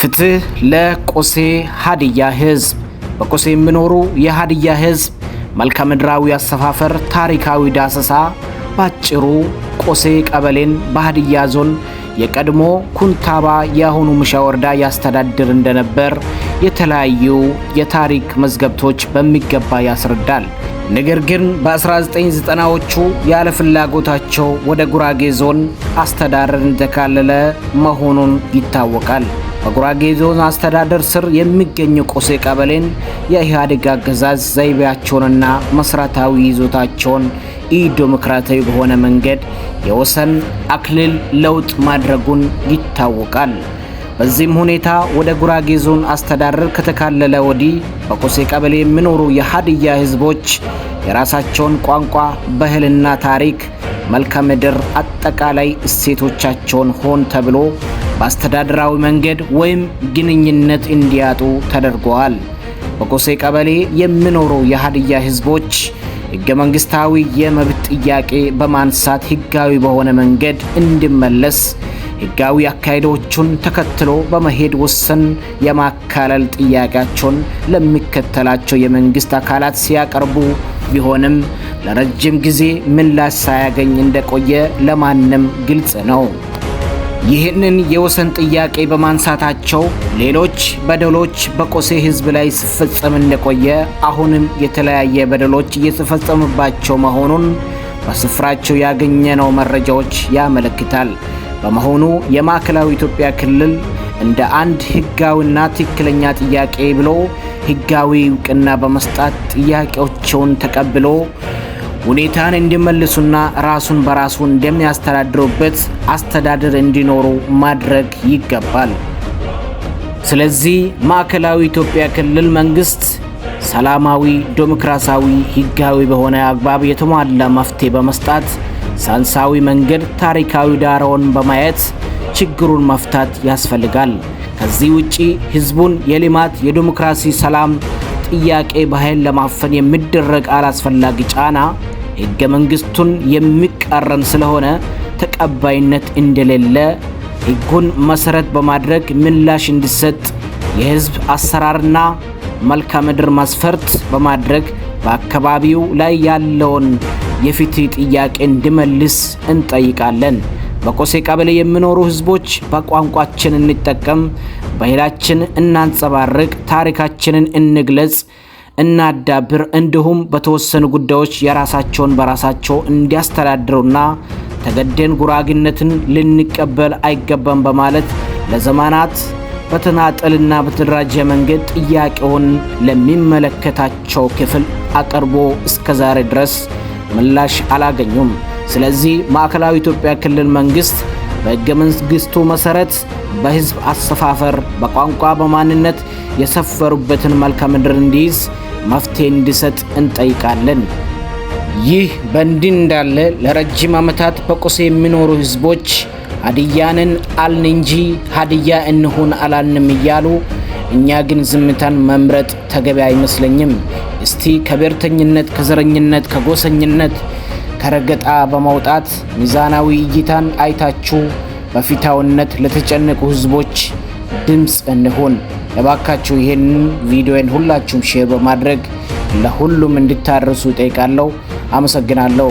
ፍትህ ለቆሴ ሀዲያ ህዝብ። በቆሴ የሚኖሩ የሀዲያ ህዝብ መልክዓ ምድራዊ አሰፋፈር ታሪካዊ ዳሰሳ ባጭሩ ቆሴ ቀበሌን በሀድያ ዞን የቀድሞ ኩንታባ የአሁኑ ምሻ ወረዳ ያስተዳድር እንደነበር የተለያዩ የታሪክ መዝገብቶች በሚገባ ያስረዳል። ነገር ግን በ1990ዎቹ ያለ ፍላጎታቸው ወደ ጉራጌ ዞን አስተዳደር እንደተካለለ መሆኑን ይታወቃል። በጉራጌ ዞን አስተዳደር ስር የሚገኘው ቆሴ ቀበሌን የኢህአዴግ አገዛዝ ዘይቤያቸውንና መሰረታዊ ይዞታቸውን ኢ በሆነ መንገድ የወሰን አክልል ለውጥ ማድረጉን ይታወቃል። በዚህም ሁኔታ ወደ ጉራጌ ዞን አስተዳደር ከተካለለ ወዲህ በቆሴ ቀበሌ የሚኖሩ የሀድያ ህዝቦች የራሳቸውን ቋንቋ፣ ባህልና ታሪክ፣ መልክዓ ምድር፣ አጠቃላይ እሴቶቻቸውን ሆን ተብሎ በአስተዳደራዊ መንገድ ወይም ግንኙነት እንዲያጡ ተደርገዋል። በቆሴ ቀበሌ የሚኖሩ የሀድያ ህዝቦች ህገ መንግስታዊ የመብት ጥያቄ በማንሳት ህጋዊ በሆነ መንገድ እንዲመለስ ህጋዊ አካሄዶቹን ተከትሎ በመሄድ ወሰን የማካለል ጥያቄያቸውን ለሚከተላቸው የመንግስት አካላት ሲያቀርቡ ቢሆንም ለረጅም ጊዜ ምላሽ ሳያገኝ እንደቆየ ለማንም ግልጽ ነው። ይህንን የወሰን ጥያቄ በማንሳታቸው ሌሎች በደሎች በቆሴ ህዝብ ላይ ሲፈጸም እንደቆየ አሁንም የተለያየ በደሎች እየተፈጸሙባቸው መሆኑን በስፍራቸው ያገኘነው መረጃዎች ያመለክታል። በመሆኑ የማዕከላዊ ኢትዮጵያ ክልል እንደ አንድ ህጋዊና ትክክለኛ ጥያቄ ብሎ ህጋዊ እውቅና በመስጣት ጥያቄዎቸውን ተቀብሎ ሁኔታን እንዲመልሱና ራሱን በራሱ እንደሚያስተዳድሩበት አስተዳደር እንዲኖሩ ማድረግ ይገባል። ስለዚህ ማዕከላዊ ኢትዮጵያ ክልል መንግስት ሰላማዊ፣ ዴሞክራሲያዊ፣ ህጋዊ በሆነ አግባብ የተሟላ መፍትሄ በመስጣት ሳንሳዊ መንገድ ታሪካዊ ዳራውን በማየት ችግሩን መፍታት ያስፈልጋል። ከዚህ ውጪ ህዝቡን የልማት የዴሞክራሲ ሰላም ጥያቄ በኃይል ለማፈን የሚደረግ አላስፈላጊ ጫና ህገ መንግስቱን የሚቃረን ስለሆነ ተቀባይነት እንደሌለ ህጉን መሰረት በማድረግ ምላሽ እንዲሰጥ የህዝብ አሰራርና መልክዓ ምድር መስፈርት በማድረግ በአካባቢው ላይ ያለውን የፍትህ ጥያቄ እንዲመልስ እንጠይቃለን። በቆሴ ቀበሌ የሚኖሩ ህዝቦች በቋንቋችን እንጠቀም፣ ባህላችን እናንጸባርቅ፣ ታሪካችንን እንግለጽ እናዳብር እንዲሁም በተወሰኑ ጉዳዮች የራሳቸውን በራሳቸው እንዲያስተዳድሩና ተገደን ጉራግነትን ልንቀበል አይገባም በማለት ለዘመናት በተናጠልና በተደራጀ መንገድ ጥያቄውን ለሚመለከታቸው ክፍል አቅርቦ እስከ ዛሬ ድረስ ምላሽ አላገኙም። ስለዚህ ማዕከላዊ ኢትዮጵያ ክልል መንግስት በሕገ መንግሥቱ መሠረት በሕዝብ አሰፋፈር፣ በቋንቋ፣ በማንነት የሰፈሩበትን መልክዓ ምድር እንዲይዝ መፍትሄ እንዲሰጥ እንጠይቃለን። ይህ በእንዲህ እንዳለ ለረጅም ዓመታት በቁሴ የሚኖሩ ህዝቦች ሀዲያንን አልን እንጂ ሀዲያ እንሁን አላንም እያሉ እኛ ግን ዝምታን መምረጥ ተገቢ አይመስለኝም። እስቲ ከብሔርተኝነት፣ ከዘረኝነት፣ ከጎሰኝነት፣ ከረገጣ በመውጣት ሚዛናዊ እይታን አይታችሁ በፊታውነት ለተጨነቁ ህዝቦች ድምፅ እንሁን። እባካችሁ ይህን ቪዲዮን ሁላችሁም ሼር በማድረግ ለሁሉም እንድታርሱ ጠይቃለሁ። አመሰግናለሁ።